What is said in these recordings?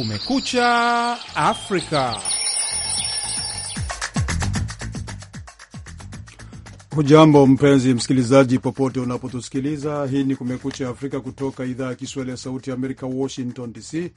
Kumekucha Afrika. Hujambo mpenzi msikilizaji, popote unapotusikiliza. Hii ni Kumekucha Afrika kutoka idhaa ya Kiswahili ya Sauti ya Amerika, Washington DC.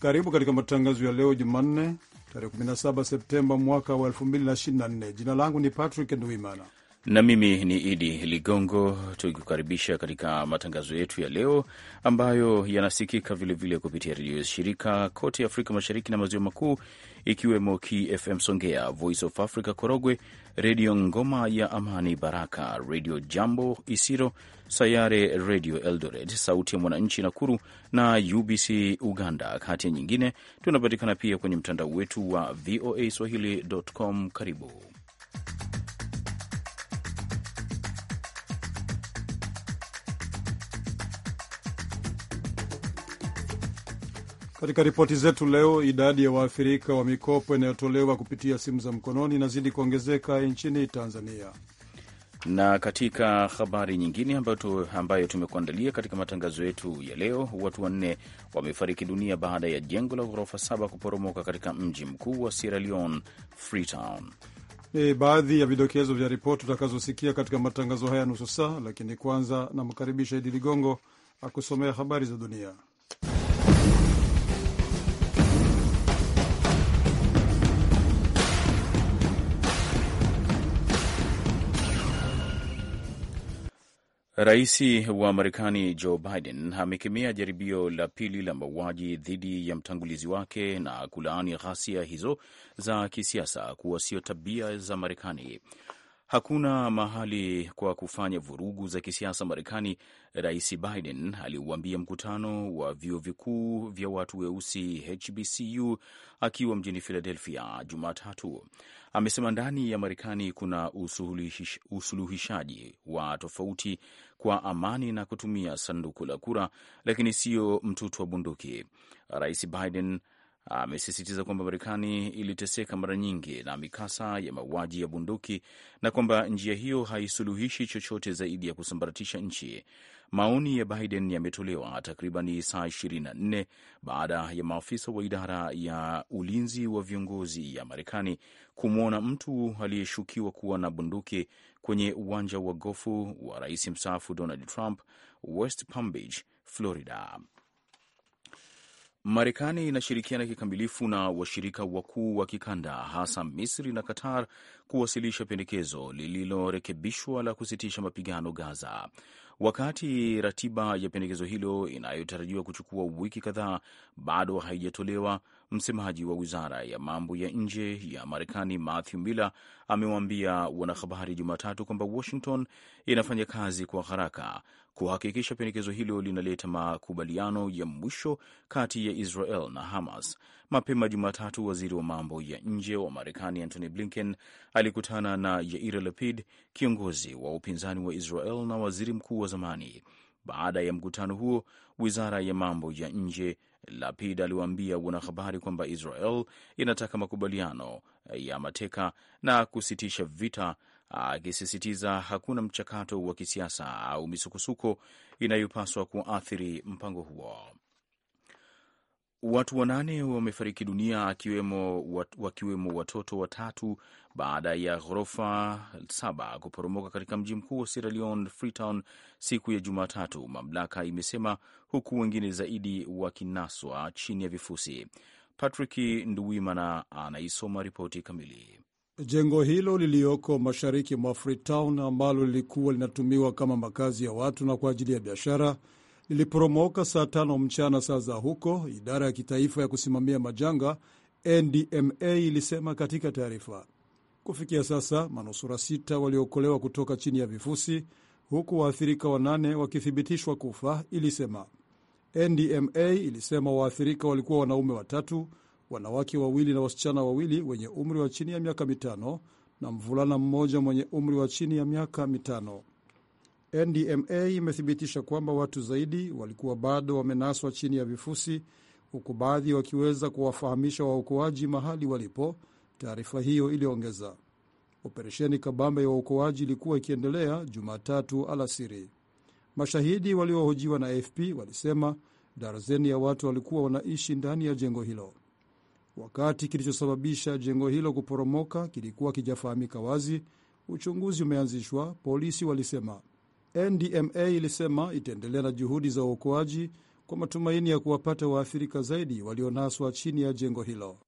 Karibu katika matangazo ya leo Jumanne, tarehe 17 Septemba mwaka wa 2024. Jina langu ni Patrick Ndwimana na mimi ni Idi Ligongo, tukikukaribisha katika matangazo yetu ya leo ambayo yanasikika vilevile kupitia redio shirika kote Afrika Mashariki na Maziwa Makuu, ikiwemo KFM Songea, Voice of Africa Korogwe, Redio Ngoma ya Amani, Baraka Redio Jambo Isiro, Sayare Redio Eldoret, Sauti ya Mwananchi Nakuru na UBC Uganda, kati ya nyingine. Tunapatikana pia kwenye mtandao wetu wa VOA swahili.com. Karibu Katika ripoti zetu leo, idadi ya waathirika wa mikopo inayotolewa kupitia simu za mkononi inazidi kuongezeka nchini Tanzania. Na katika habari nyingine ambayo, ambayo tumekuandalia katika matangazo yetu ya leo, watu wanne wamefariki dunia baada ya jengo la ghorofa saba kuporomoka katika mji mkuu wa Sierra Leone, Freetown. Ni e, baadhi ya vidokezo vya ripoti utakazosikia katika matangazo haya nusu saa, lakini kwanza namkaribisha Idi Ligongo akusomea habari za dunia. Rais wa Marekani Joe Biden amekemea jaribio la pili la mauaji dhidi ya mtangulizi wake na kulaani ghasia hizo za kisiasa kuwa sio tabia za Marekani. Hakuna mahali kwa kufanya vurugu za kisiasa Marekani, Rais Biden aliuambia mkutano wa vyuo vikuu vya watu weusi HBCU akiwa mjini Philadelphia Jumatatu amesema ndani ya Marekani kuna usuluhish, usuluhishaji wa tofauti kwa amani na kutumia sanduku la kura, lakini sio mtutu wa bunduki. Rais Biden amesisitiza kwamba Marekani iliteseka mara nyingi na mikasa ya mauaji ya bunduki na kwamba njia hiyo haisuluhishi chochote zaidi ya kusambaratisha nchi. Maoni ya Biden yametolewa takriban saa 24 baada ya maafisa wa idara ya ulinzi wa viongozi ya Marekani kumwona mtu aliyeshukiwa kuwa na bunduki kwenye uwanja wa gofu wa rais mstaafu Donald Trump, West Palm Beach, Florida. Marekani inashirikiana kikamilifu na washirika wakuu wa kikanda hasa Misri na Qatar kuwasilisha pendekezo lililorekebishwa la kusitisha mapigano Gaza. Wakati ratiba ya pendekezo hilo inayotarajiwa kuchukua wiki kadhaa bado haijatolewa, Msemaji wa wizara ya mambo ya nje ya Marekani Matthew Miller amewaambia wanahabari Jumatatu kwamba Washington inafanya kazi kwa haraka kuhakikisha pendekezo hilo linaleta makubaliano ya mwisho kati ya Israel na Hamas. Mapema Jumatatu, waziri wa mambo ya nje wa Marekani Antony Blinken alikutana na Yair Lapid, kiongozi wa upinzani wa Israel na waziri mkuu wa zamani. Baada ya mkutano huo, wizara ya mambo ya nje Lapid aliwaambia wanahabari kwamba Israel inataka makubaliano ya mateka na kusitisha vita, akisisitiza hakuna mchakato wa kisiasa au misukosuko inayopaswa kuathiri mpango huo. Watu wanane wamefariki dunia akiwemo, wat, wakiwemo watoto watatu baada ya ghorofa saba kuporomoka katika mji mkuu wa Sierra Leone, Freetown, siku ya Jumatatu, mamlaka imesema, huku wengine zaidi wakinaswa chini ya vifusi. Patrick Nduwimana anaisoma ripoti kamili. Jengo hilo liliyoko mashariki mwa Freetown ambalo lilikuwa linatumiwa kama makazi ya watu na kwa ajili ya biashara liliporomoka saa tano mchana saa za huko, idara ya kitaifa ya kusimamia majanga NDMA ilisema katika taarifa. Kufikia sasa manusura sita waliokolewa kutoka chini ya vifusi, huku waathirika wanane wakithibitishwa kufa, ilisema. NDMA ilisema waathirika walikuwa wanaume watatu, wanawake wawili na wasichana wawili wenye umri wa chini ya miaka mitano na mvulana mmoja mwenye umri wa chini ya miaka mitano. NDMA imethibitisha kwamba watu zaidi walikuwa bado wamenaswa chini ya vifusi, huku baadhi wakiweza kuwafahamisha waokoaji mahali walipo, taarifa hiyo iliongeza. Operesheni kabambe ya waokoaji ilikuwa ikiendelea Jumatatu alasiri. Mashahidi waliohojiwa na AFP walisema darzeni ya watu walikuwa wanaishi ndani ya jengo hilo. Wakati kilichosababisha jengo hilo kuporomoka kilikuwa kijafahamika wazi, uchunguzi umeanzishwa, polisi walisema. NDMA ilisema itaendelea na juhudi za uokoaji kwa matumaini ya kuwapata waathirika zaidi walionaswa chini ya jengo hilo.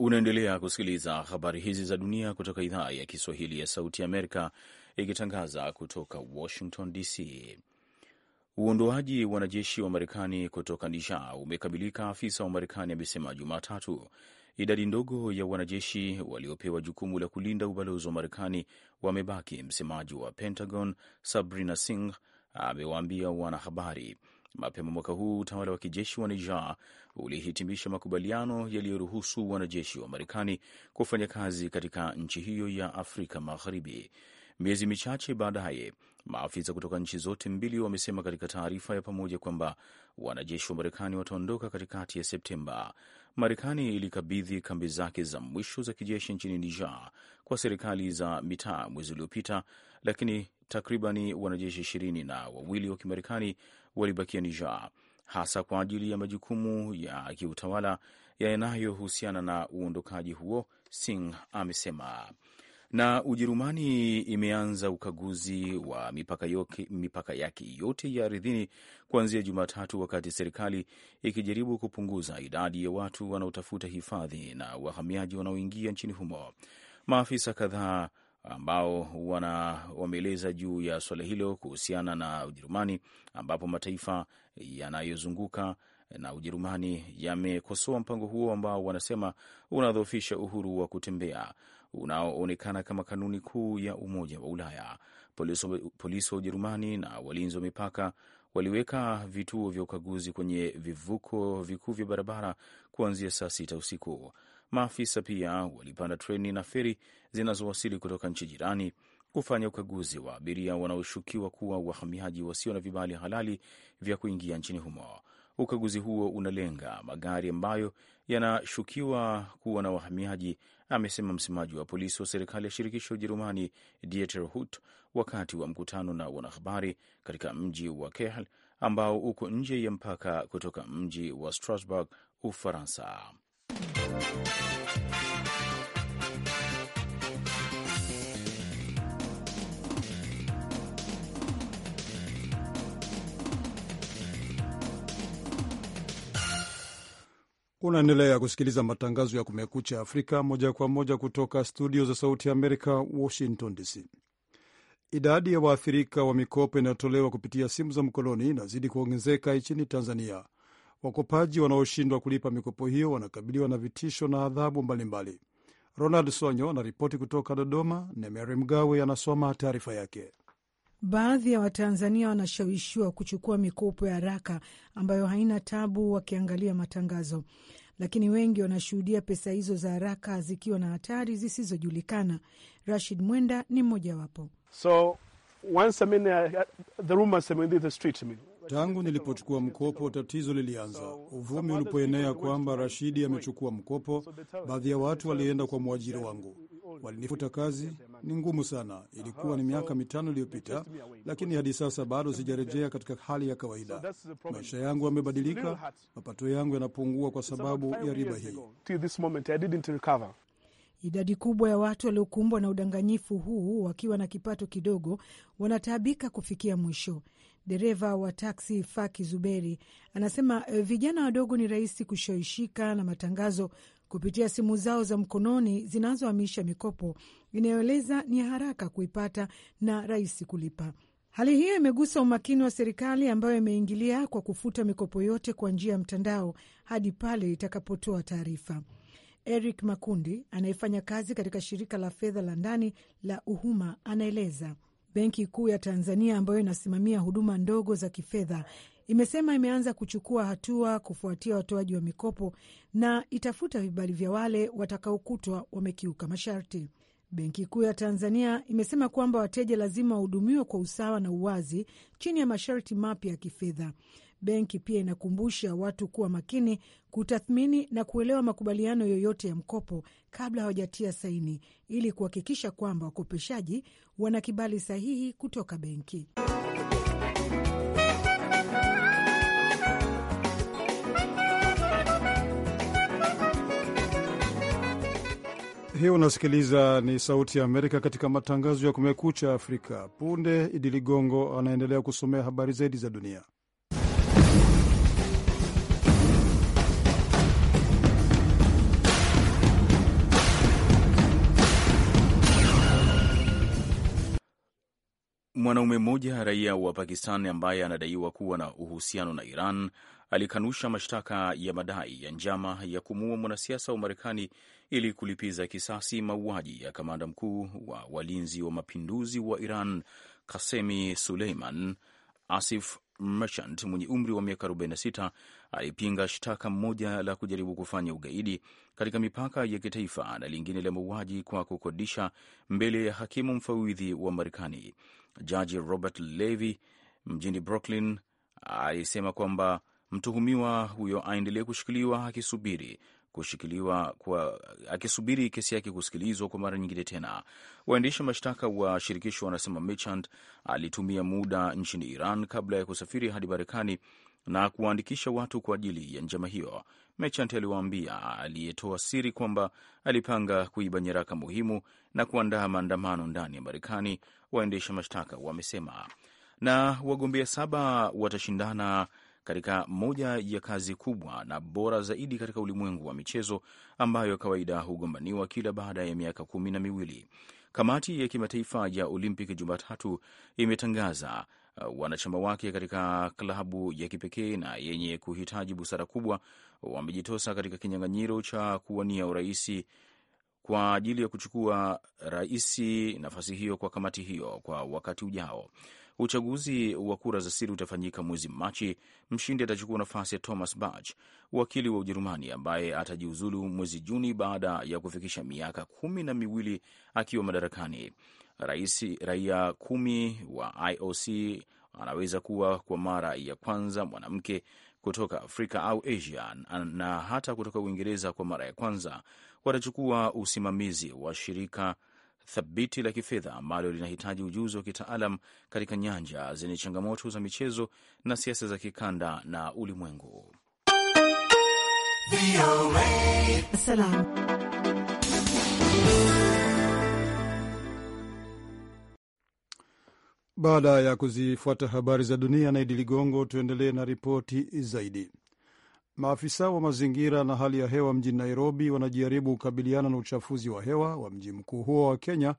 Unaendelea kusikiliza habari hizi za dunia kutoka idhaa ya Kiswahili ya Sauti Amerika, ikitangaza kutoka Washington DC. Uondoaji wanajeshi wa Marekani kutoka Niger umekamilika, afisa wa Marekani amesema Jumatatu, Idadi ndogo ya wanajeshi waliopewa jukumu la kulinda ubalozi wa Marekani wamebaki. Msemaji wa Pentagon Sabrina Singh amewaambia wanahabari mapema mwaka huu utawala wa kijeshi wa Niger ulihitimisha makubaliano yaliyoruhusu wanajeshi wa Marekani kufanya kazi katika nchi hiyo ya Afrika Magharibi. Miezi michache baadaye Maafisa kutoka nchi zote mbili wamesema katika taarifa ya pamoja kwamba wanajeshi wa Marekani wataondoka katikati ya Septemba. Marekani ilikabidhi kambi zake za mwisho za kijeshi nchini Niger kwa serikali za mitaa mwezi uliopita, lakini takribani wanajeshi ishirini na wawili wa Kimarekani walibakia Niger hasa kwa ajili ya majukumu ya kiutawala yanayohusiana na uondokaji huo, Singh amesema. Na Ujerumani imeanza ukaguzi wa mipaka, yoke, mipaka yake yote ya ardhini kuanzia Jumatatu, wakati serikali ikijaribu kupunguza idadi ya watu wanaotafuta hifadhi na wahamiaji wanaoingia nchini humo. Maafisa kadhaa ambao wana wameeleza juu ya suala hilo kuhusiana na Ujerumani, ambapo mataifa yanayozunguka na Ujerumani yamekosoa mpango huo ambao wanasema unadhoofisha uhuru wa kutembea unaoonekana kama kanuni kuu ya Umoja wa Ulaya. Polisi wa Ujerumani na walinzi wa mipaka waliweka vituo vya ukaguzi kwenye vivuko vikuu vya barabara kuanzia saa sita usiku. Maafisa pia walipanda treni na feri zinazowasili kutoka nchi jirani kufanya ukaguzi wa abiria wanaoshukiwa kuwa wahamiaji wasio na vibali halali vya kuingia nchini humo. Ukaguzi huo unalenga magari ambayo yanashukiwa kuwa na wahamiaji, amesema msemaji wa polisi wa serikali ya shirikisho Ujerumani, Dieter Hut, wakati wa mkutano na wanahabari katika mji wa Kehl ambao uko nje ya mpaka kutoka mji wa Strasbourg, Ufaransa. Unaendelea kusikiliza matangazo ya Kumekucha Afrika moja kwa moja kutoka studio za Sauti ya Amerika, Washington DC. Idadi ya waathirika wa mikopo inayotolewa kupitia simu za mkononi inazidi kuongezeka nchini Tanzania. Wakopaji wanaoshindwa kulipa mikopo hiyo wanakabiliwa na vitisho na adhabu mbalimbali. Ronald Sonyo anaripoti kutoka Dodoma na Mary Mgawe anasoma taarifa yake. Baadhi ya Watanzania wanashawishiwa kuchukua mikopo ya haraka ambayo haina tabu, wakiangalia matangazo, lakini wengi wanashuhudia pesa hizo za haraka zikiwa na hatari zisizojulikana. Rashid Mwenda ni mmojawapo. so, Tangu nilipochukua mkopo, tatizo lilianza. Uvumi ulipoenea kwamba Rashidi amechukua mkopo, baadhi ya watu walienda kwa mwajiri wangu walinifuta kazi. Ni ngumu sana, ilikuwa ni miaka mitano iliyopita, lakini hadi sasa bado sijarejea katika hali ya kawaida. Maisha yangu yamebadilika, mapato yangu yanapungua kwa sababu ya riba hii. Idadi kubwa ya watu waliokumbwa na udanganyifu huu wakiwa na kipato kidogo wanataabika kufikia mwisho. Dereva wa taksi Faki Zuberi anasema eh, vijana wadogo ni rahisi kushawishika na matangazo kupitia simu zao za mkononi zinazohamisha mikopo inayoeleza ni haraka kuipata na rahisi kulipa. Hali hiyo imegusa umakini wa serikali ambayo imeingilia kwa kufuta mikopo yote kwa njia ya mtandao hadi pale itakapotoa taarifa. Eric Makundi anayefanya kazi katika shirika la fedha la ndani la Uhuma anaeleza Benki Kuu ya Tanzania ambayo inasimamia huduma ndogo za kifedha imesema imeanza kuchukua hatua kufuatia watoaji wa mikopo na itafuta vibali vya wale watakaokutwa wamekiuka masharti. Benki Kuu ya Tanzania imesema kwamba wateja lazima wahudumiwe kwa usawa na uwazi chini ya masharti mapya ya kifedha. Benki pia inakumbusha watu kuwa makini kutathmini na kuelewa makubaliano yoyote ya mkopo kabla hawajatia saini ili kuhakikisha kwamba wakopeshaji wana kibali sahihi kutoka benki. hiyo unasikiliza ni Sauti ya Amerika katika matangazo ya Kumekucha Afrika. Punde Idi Ligongo anaendelea kusomea habari zaidi za dunia. Mwanaume mmoja raia wa Pakistan ambaye anadaiwa kuwa na uhusiano na Iran alikanusha mashtaka ya madai ya njama ya kumuua mwanasiasa wa Marekani ili kulipiza kisasi mauaji ya kamanda mkuu wa walinzi wa mapinduzi wa Iran Kasemi Suleiman. Asif Merchant mwenye umri wa miaka 46 alipinga shtaka mmoja la kujaribu kufanya ugaidi katika mipaka ya kitaifa na lingine la mauaji kwa kukodisha mbele ya hakimu mfawidhi wa Marekani. Jaji Robert Levy mjini Brooklyn alisema kwamba Mtuhumiwa huyo aendelee kushikiliwa akisubiri kushikiliwa kwa akisubiri kesi yake kusikilizwa kwa mara nyingine tena. Waendesha mashtaka wa shirikisho wanasema Merchant alitumia muda nchini Iran kabla ya kusafiri hadi Marekani na kuwaandikisha watu kwa ajili ya njama hiyo. Merchant aliwaambia aliyetoa siri kwamba alipanga kuiba nyaraka muhimu na kuandaa maandamano ndani ya Marekani, waendesha mashtaka wamesema. Na wagombea saba watashindana katika moja ya kazi kubwa na bora zaidi katika ulimwengu wa michezo ambayo kawaida hugombaniwa kila baada ya miaka kumi na miwili. Kamati ya Kimataifa ya Olimpiki Jumatatu imetangaza uh, wanachama wake katika klabu ya kipekee na yenye kuhitaji busara kubwa wamejitosa katika kinyang'anyiro cha kuwania uraisi kwa ajili ya kuchukua raisi nafasi hiyo kwa kamati hiyo kwa wakati ujao. Uchaguzi wa kura za siri utafanyika mwezi Machi. Mshindi atachukua nafasi ya Thomas Bach, wakili wa Ujerumani ambaye atajiuzulu mwezi Juni baada ya kufikisha miaka kumi na miwili akiwa madarakani. Rais raia kumi wa IOC anaweza kuwa kwa mara ya kwanza mwanamke kutoka Afrika au Asia na hata kutoka Uingereza kwa mara ya kwanza. Watachukua usimamizi wa shirika thabiti la kifedha ambalo linahitaji ujuzi wa kitaalam katika nyanja zenye changamoto za michezo na siasa za kikanda na ulimwengu. Baada ya kuzifuata habari za dunia na Idi Ligongo, tuendelee na ripoti zaidi. Maafisa wa mazingira na hali ya hewa mjini Nairobi wanajaribu kukabiliana na uchafuzi wa hewa wa mji mkuu huo wa Kenya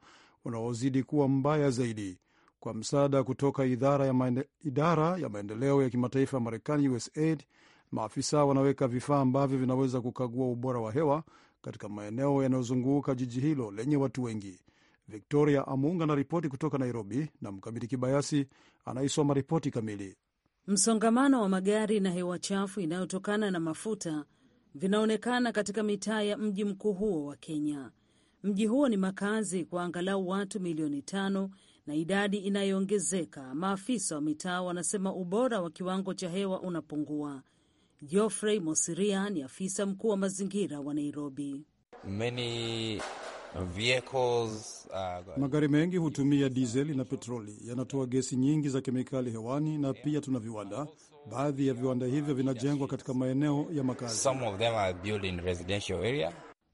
unaozidi kuwa mbaya zaidi kwa msaada kutoka idara ya, maende, idara ya maendeleo ya kimataifa ya Marekani, USAID. Maafisa wanaweka vifaa ambavyo vinaweza kukagua ubora wa hewa katika maeneo yanayozunguka jiji hilo lenye watu wengi. Victoria Amunga ripoti kutoka Nairobi na Mkamiti Kibayasi anaisoma ripoti kamili. Msongamano wa magari na hewa chafu inayotokana na mafuta vinaonekana katika mitaa ya mji mkuu huo wa Kenya. Mji huo ni makazi kwa angalau watu milioni tano na idadi inayoongezeka. Maafisa wa mitaa wanasema ubora wa kiwango cha hewa unapungua. Geoffrey Mosiria ni afisa mkuu wa mazingira wa Nairobi. Many Vehicles, uh, magari mengi hutumia dizeli na petroli, yanatoa gesi nyingi za kemikali hewani, na pia tuna viwanda. Baadhi ya viwanda hivyo vinajengwa katika maeneo ya makazi.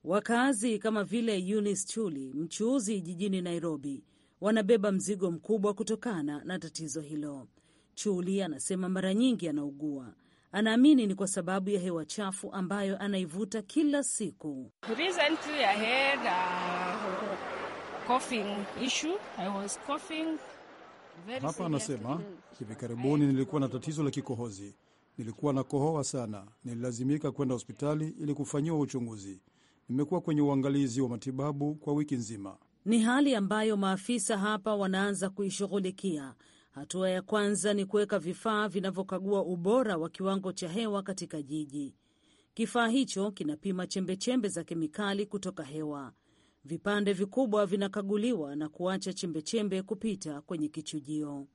Wakazi kama vile Eunice Chuli, mchuuzi jijini Nairobi, wanabeba mzigo mkubwa kutokana na tatizo hilo. Chuli anasema mara nyingi anaugua Anaamini ni kwa sababu ya hewa chafu ambayo anaivuta kila siku. Uh, hapa anasema hivi karibuni nilikuwa na tatizo la kikohozi, nilikuwa na kohoa sana, nililazimika kwenda hospitali ili kufanyiwa uchunguzi. Nimekuwa kwenye uangalizi wa matibabu kwa wiki nzima. Ni hali ambayo maafisa hapa wanaanza kuishughulikia Hatua ya kwanza ni kuweka vifaa vinavyokagua ubora wa kiwango cha hewa katika jiji. Kifaa hicho kinapima chembechembe za kemikali kutoka hewa. Vipande vikubwa vinakaguliwa na kuacha chembechembe kupita kwenye kichujio.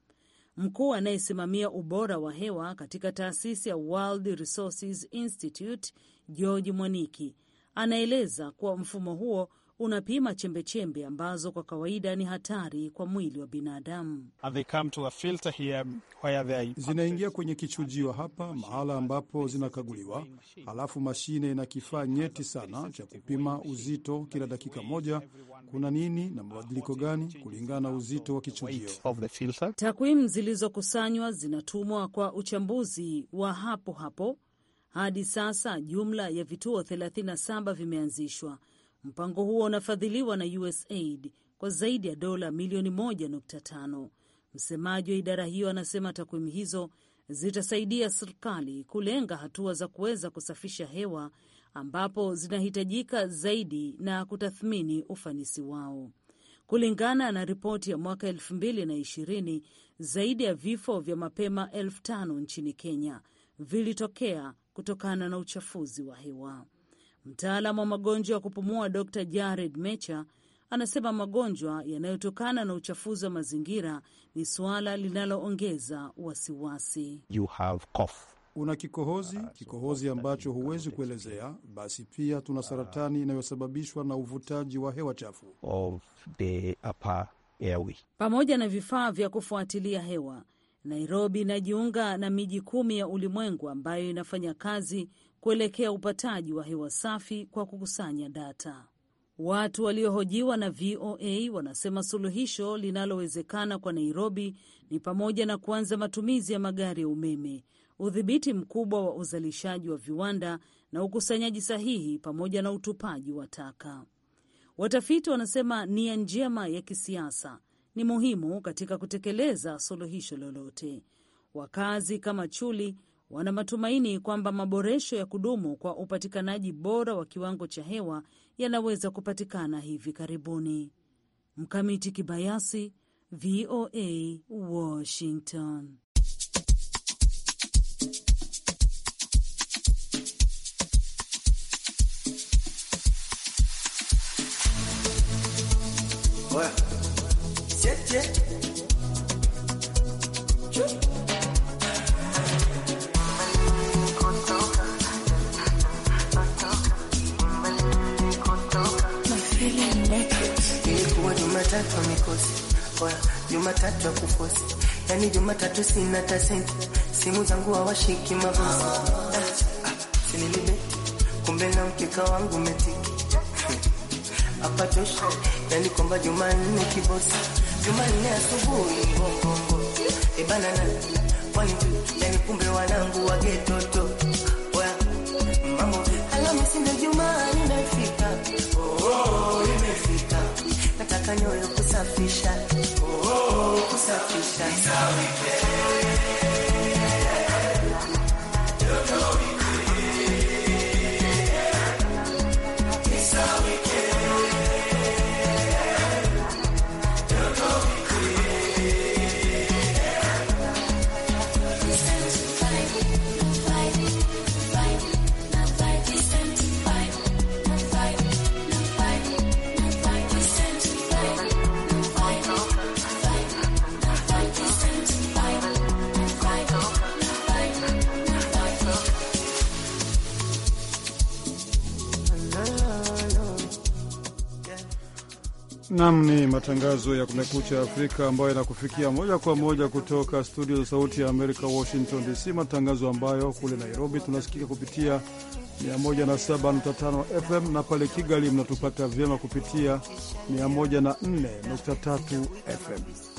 Mkuu anayesimamia ubora wa hewa katika taasisi ya World Resources Institute George Mwaniki anaeleza kuwa mfumo huo unapima chembechembe ambazo kwa kawaida ni hatari kwa mwili wa binadamu. Zinaingia kwenye kichujio hapa, mahala ambapo zinakaguliwa, halafu mashine ina kifaa nyeti sana cha kupima uzito kila dakika moja, kuna nini na mabadiliko gani kulingana na uzito wa kichujio. Takwimu zilizokusanywa zinatumwa kwa uchambuzi wa hapo hapo. Hadi sasa jumla ya vituo 37 vimeanzishwa Mpango huo unafadhiliwa na USAID kwa zaidi ya dola milioni 1.5. Msemaji wa idara hiyo anasema takwimu hizo zitasaidia serikali kulenga hatua za kuweza kusafisha hewa ambapo zinahitajika zaidi na kutathmini ufanisi wao. Kulingana na ripoti ya mwaka elfu mbili na ishirini, zaidi ya vifo vya mapema elfu tano nchini Kenya vilitokea kutokana na uchafuzi wa hewa. Mtaalamu wa magonjwa ya kupumua Dr Jared Mecha anasema magonjwa yanayotokana na uchafuzi wa mazingira ni suala linaloongeza wasiwasi. You have cough. Una kikohozi, kikohozi ambacho huwezi kuelezea. Basi pia tuna saratani inayosababishwa na uvutaji wa hewa chafu of the upper airway. Pamoja na vifaa vya kufuatilia hewa, Nairobi inajiunga na miji kumi ya ulimwengu ambayo inafanya kazi kuelekea upataji wa hewa safi kwa kukusanya data. Watu waliohojiwa na VOA wanasema suluhisho linalowezekana kwa Nairobi ni pamoja na kuanza matumizi ya magari ya umeme, udhibiti mkubwa wa uzalishaji wa viwanda na ukusanyaji sahihi, pamoja na utupaji wa taka. Watafiti wanasema nia njema ya kisiasa ni muhimu katika kutekeleza suluhisho lolote. Wakazi kama Chuli wana matumaini kwamba maboresho ya kudumu kwa upatikanaji bora wa kiwango cha hewa yanaweza kupatikana hivi karibuni. Mkamiti Kibayasi, VOA, Washington. Well, kukosi kwa Jumatatu ya kuposti, yani Jumatatu sina tasenti, simu zangu hawashiki mabosi ah, sinilibe, kumbe na mkeka wangu metiki hapa tosha, yani kwamba Jumanne kibosi, Jumanne asubuhi ngongongoni eh, banana, kwani yani kumbe wanangu wagetoto Nam ni matangazo ya Kumekucha Afrika ambayo yanakufikia moja kwa moja kutoka studio za Sauti ya Amerika, Washington DC, matangazo ambayo kule Nairobi tunasikika kupitia 107.5 FM na pale Kigali mnatupata vyema kupitia 104.3 FM.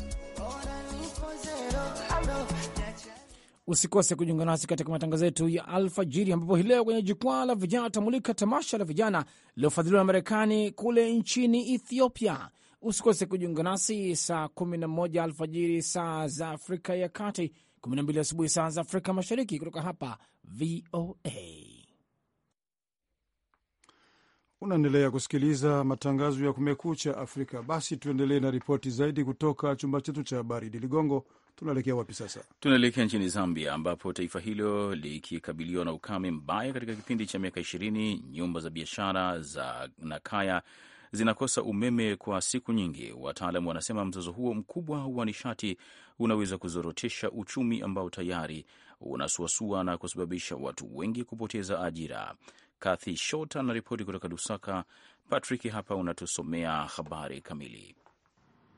Usikose kujiunga nasi katika matangazo yetu ya alfajiri, ambapo hii leo kwenye jukwaa la vijana tamulika tamasha la vijana lililofadhiliwa na Marekani kule nchini Ethiopia. Usikose kujiunga nasi saa 11 alfajiri saa za Afrika ya Kati, 12 asubuhi saa za Afrika Mashariki, kutoka hapa VOA. Unaendelea kusikiliza matangazo ya Kumekucha Afrika. Basi tuendelee na ripoti zaidi kutoka chumba chetu cha habari. Idi Ligongo Tunaelekea wapi sasa? Tunaelekea nchini Zambia, ambapo taifa hilo likikabiliwa na ukame mbaya katika kipindi cha miaka ishirini, nyumba za biashara za na kaya zinakosa umeme kwa siku nyingi. wataalam wanasema mzozo huo mkubwa wa nishati unaweza kuzorotesha uchumi ambao tayari unasuasua na kusababisha watu wengi kupoteza ajira. Kathy Shota anaripoti kutoka Lusaka. Patrick hapa unatusomea habari kamili.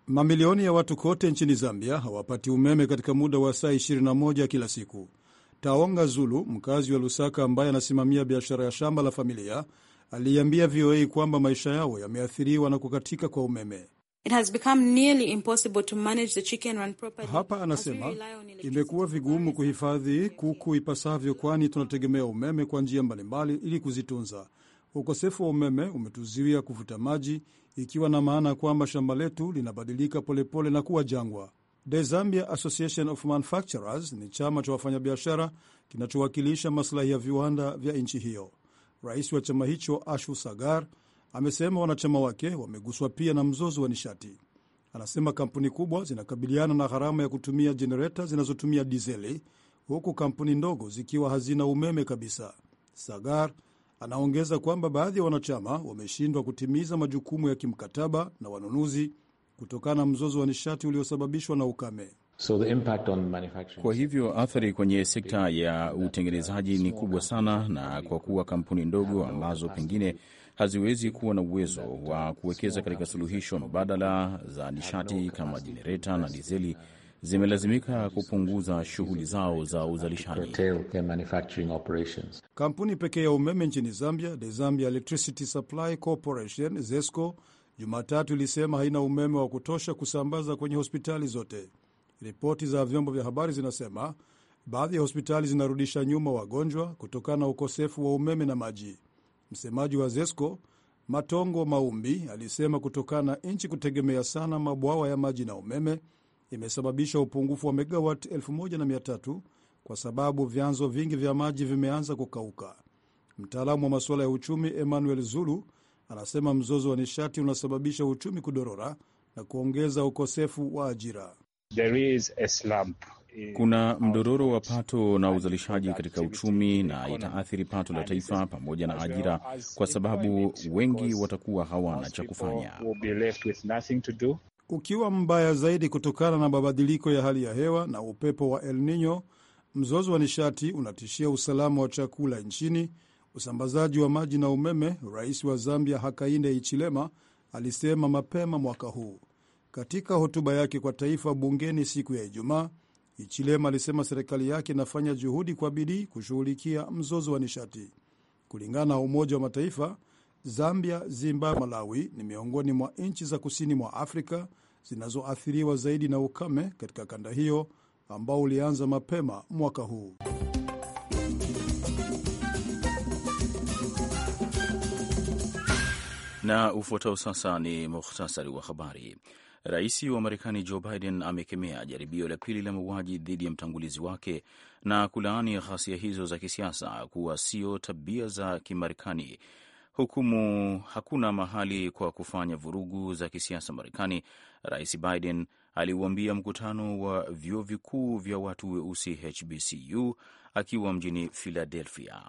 Mamilioni ya watu kote nchini Zambia hawapati umeme katika muda wa saa 21 kila siku. Taonga Zulu, mkazi wa Lusaka ambaye anasimamia biashara ya shamba la familia, aliiambia VOA kwamba maisha yao yameathiriwa na kukatika kwa umeme. It has become nearly impossible to manage the chicken run properly. Hapa anasema imekuwa vigumu kuhifadhi kuku ipasavyo, kwani tunategemea umeme kwa njia mbalimbali ili kuzitunza. Ukosefu wa umeme umetuzuia kuvuta maji, ikiwa na maana kwamba shamba letu linabadilika polepole na kuwa jangwa. The Zambia Association of Manufacturers ni chama cha wafanyabiashara kinachowakilisha maslahi ya viwanda vya nchi hiyo. Rais wa chama hicho Ashu Sagar amesema wanachama wake wameguswa pia na mzozo wa nishati. Anasema kampuni kubwa zinakabiliana na gharama ya kutumia jenereta zinazotumia dizeli, huku kampuni ndogo zikiwa hazina umeme kabisa. Sagar Anaongeza kwamba baadhi ya wanachama wameshindwa kutimiza majukumu ya kimkataba na wanunuzi kutokana na mzozo wa nishati uliosababishwa na ukame. So the impact on manufacturing... Kwa hivyo athari kwenye sekta ya utengenezaji ni kubwa sana, na kwa kuwa kampuni ndogo ambazo pengine haziwezi kuwa na uwezo wa kuwekeza katika suluhisho mbadala za nishati kama jenereta na dizeli zimelazimika kupunguza shughuli zao za uzalishaji. Kampuni pekee ya umeme nchini Zambia, The Zambia Electricity Supply Corporation, ZESCO, Jumatatu ilisema haina umeme wa kutosha kusambaza kwenye hospitali zote. Ripoti za vyombo vya habari zinasema baadhi ya hospitali zinarudisha nyuma wagonjwa kutokana na ukosefu wa umeme na maji. Msemaji wa ZESCO Matongo Maumbi alisema kutokana na nchi kutegemea sana mabwawa ya maji na umeme imesababisha upungufu wa megawati 1300 kwa sababu vyanzo vingi vya maji vimeanza kukauka. Mtaalamu wa masuala ya uchumi Emmanuel Zulu anasema mzozo wa nishati unasababisha uchumi kudorora na kuongeza ukosefu wa ajira. There is a slump. Kuna mdororo wa pato na uzalishaji katika uchumi na itaathiri pato la taifa pamoja na ajira, kwa sababu wengi watakuwa hawana cha kufanya ukiwa mbaya zaidi kutokana na mabadiliko ya hali ya hewa na upepo wa El Nino. Mzozo wa nishati unatishia usalama wa chakula nchini, usambazaji wa maji na umeme, rais wa Zambia Hakainde Hichilema alisema mapema mwaka huu. Katika hotuba yake kwa taifa bungeni siku ya Ijumaa, Hichilema alisema serikali yake inafanya juhudi kwa bidii kushughulikia mzozo wa nishati. Kulingana na Umoja wa Mataifa, Zambia, Zimbabwe, Malawi ni miongoni mwa nchi za kusini mwa Afrika zinazoathiriwa zaidi na ukame katika kanda hiyo ambao ulianza mapema mwaka huu. Na ufuatao sasa ni muhtasari wa habari. Rais wa Marekani Joe Biden amekemea jaribio la pili la mauaji dhidi ya mtangulizi wake na kulaani ghasia hizo za kisiasa kuwa sio tabia za Kimarekani hukumu hakuna mahali kwa kufanya vurugu za kisiasa Marekani, Rais Biden aliuambia mkutano wa vyuo vikuu vya watu weusi HBCU akiwa mjini Philadelphia.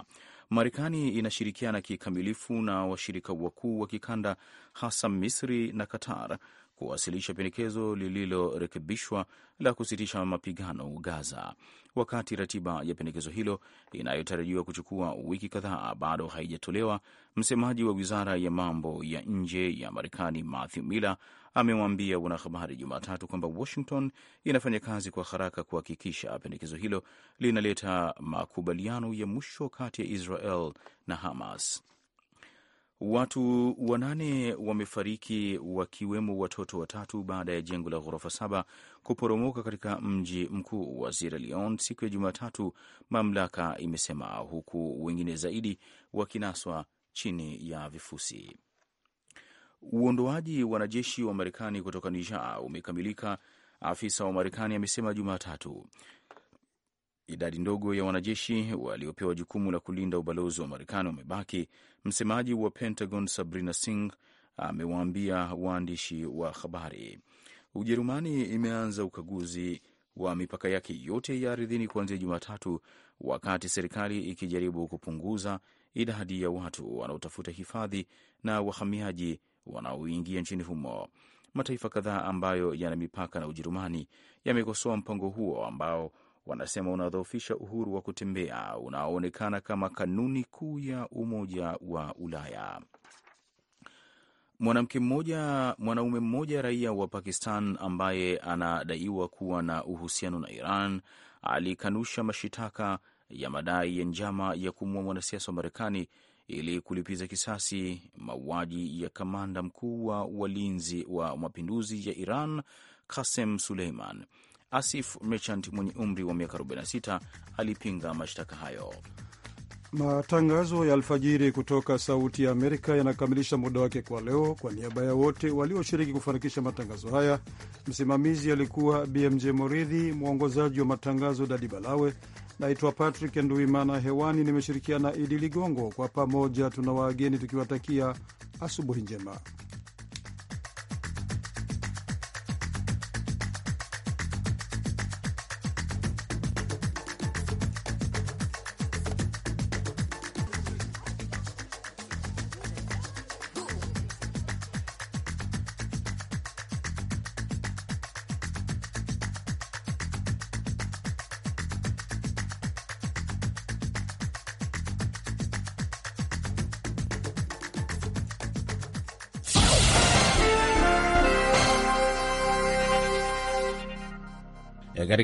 Marekani inashirikiana kikamilifu na washirika wakuu wa kikanda hasa Misri na Qatar kuwasilisha pendekezo lililorekebishwa la kusitisha mapigano Gaza, wakati ratiba ya pendekezo hilo inayotarajiwa kuchukua wiki kadhaa bado haijatolewa. Msemaji wa wizara ya mambo ya nje ya Marekani Matthew Miller amewaambia wanahabari Jumatatu kwamba Washington inafanya kazi kwa haraka kuhakikisha pendekezo hilo linaleta makubaliano ya mwisho kati ya Israel na Hamas. Watu wanane wamefariki wakiwemo watoto watatu baada ya jengo la ghorofa saba kuporomoka katika mji mkuu wa Sierra Leone siku ya Jumatatu, mamlaka imesema, huku wengine zaidi wakinaswa chini ya vifusi. Uondoaji wa wanajeshi wa Marekani kutoka Niger umekamilika, afisa wa Marekani amesema Jumatatu idadi ndogo ya wanajeshi waliopewa jukumu la kulinda ubalozi wa Marekani wamebaki. Msemaji wa Pentagon Sabrina Singh amewaambia waandishi wa habari. Ujerumani imeanza ukaguzi wa mipaka yake yote ya ardhini kuanzia Jumatatu, wakati serikali ikijaribu kupunguza idadi ya watu wanaotafuta hifadhi na wahamiaji wanaoingia nchini humo. Mataifa kadhaa ambayo yana mipaka na Ujerumani yamekosoa mpango huo ambao wanasema unadhoofisha uhuru wa kutembea unaoonekana kama kanuni kuu ya Umoja wa Ulaya. Mwanamke mmoja, mwanaume mmoja raia wa Pakistan ambaye anadaiwa kuwa na uhusiano na Iran alikanusha mashitaka ya madai ya njama ya kumua mwanasiasa wa Marekani ili kulipiza kisasi mauaji ya kamanda mkuu wa walinzi wa mapinduzi ya Iran Kasem Suleiman Asif Merchant mwenye umri wa miaka 46 alipinga mashtaka hayo. Matangazo ya alfajiri kutoka Sauti ya Amerika yanakamilisha muda wake kwa leo. Kwa niaba ya wote walioshiriki kufanikisha matangazo haya, msimamizi alikuwa BMJ Moridhi, mwongozaji wa matangazo Dadi Balawe. Naitwa Patrick Nduimana, hewani nimeshirikiana Idi Ligongo. Kwa pamoja tuna wageni tukiwatakia asubuhi njema.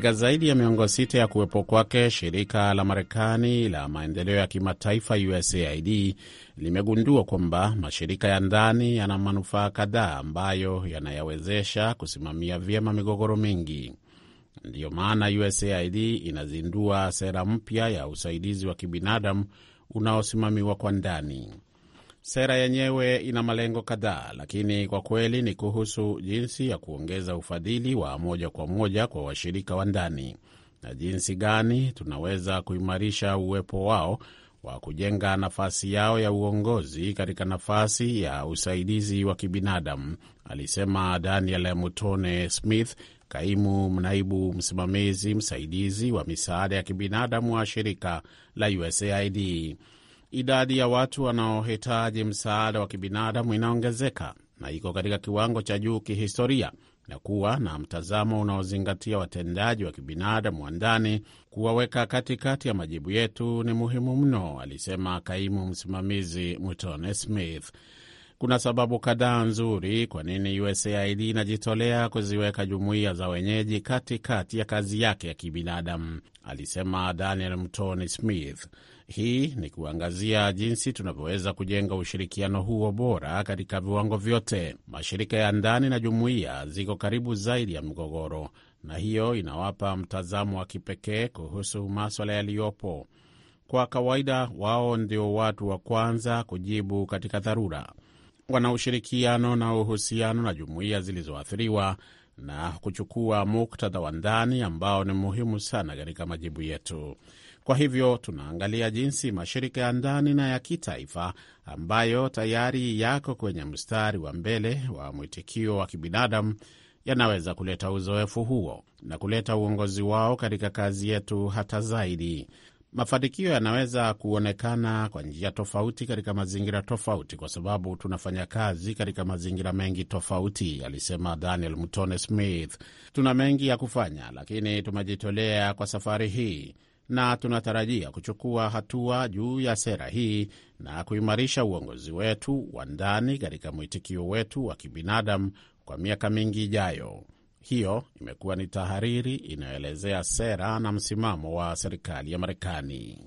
Katika zaidi ya miongo sita ya kuwepo kwake, shirika la Marekani la maendeleo ya kimataifa USAID limegundua kwamba mashirika ya ndani yana manufaa kadhaa ambayo yanayawezesha kusimamia vyema migogoro mingi. Ndiyo maana USAID inazindua sera mpya ya usaidizi wa kibinadamu unaosimamiwa kwa ndani. Sera yenyewe ina malengo kadhaa, lakini kwa kweli ni kuhusu jinsi ya kuongeza ufadhili wa moja kwa moja kwa washirika wa ndani na jinsi gani tunaweza kuimarisha uwepo wao wa kujenga nafasi yao ya uongozi katika nafasi ya usaidizi wa kibinadamu, alisema Daniel Mutone Smith, kaimu naibu msimamizi msaidizi wa misaada ya kibinadamu wa shirika la USAID idadi ya watu wanaohitaji msaada wa kibinadamu inaongezeka na iko katika kiwango cha juu kihistoria, na kuwa na mtazamo unaozingatia watendaji wa kibinadamu wa ndani, kuwaweka katikati ya majibu yetu ni muhimu mno, alisema kaimu msimamizi Mwitone Smith. Kuna sababu kadhaa nzuri kwa nini USAID inajitolea kuziweka jumuiya za wenyeji katikati ya kazi yake ya kibinadamu, alisema Daniel Mtoni Smith. Hii ni kuangazia jinsi tunavyoweza kujenga ushirikiano huo bora katika viwango vyote. Mashirika ya ndani na jumuiya ziko karibu zaidi ya mgogoro, na hiyo inawapa mtazamo wa kipekee kuhusu maswala yaliyopo. Kwa kawaida, wao ndio watu wa kwanza kujibu katika dharura. Wana ushirikiano na uhusiano na jumuiya zilizoathiriwa na kuchukua muktadha wa ndani ambao ni muhimu sana katika majibu yetu. Kwa hivyo tunaangalia jinsi mashirika ya ndani na ya kitaifa ambayo tayari yako kwenye mstari wa mbele wa mwitikio wa kibinadamu yanaweza kuleta uzoefu huo na kuleta uongozi wao katika kazi yetu hata zaidi. Mafanikio yanaweza kuonekana kwa njia tofauti katika mazingira tofauti, kwa sababu tunafanya kazi katika mazingira mengi tofauti, alisema Daniel Mutone Smith. Tuna mengi ya kufanya, lakini tumejitolea kwa safari hii na tunatarajia kuchukua hatua juu ya sera hii na kuimarisha uongozi wetu wa ndani katika mwitikio wetu wa kibinadamu kwa miaka mingi ijayo. Hiyo imekuwa ni tahariri inayoelezea sera na msimamo wa serikali ya Marekani.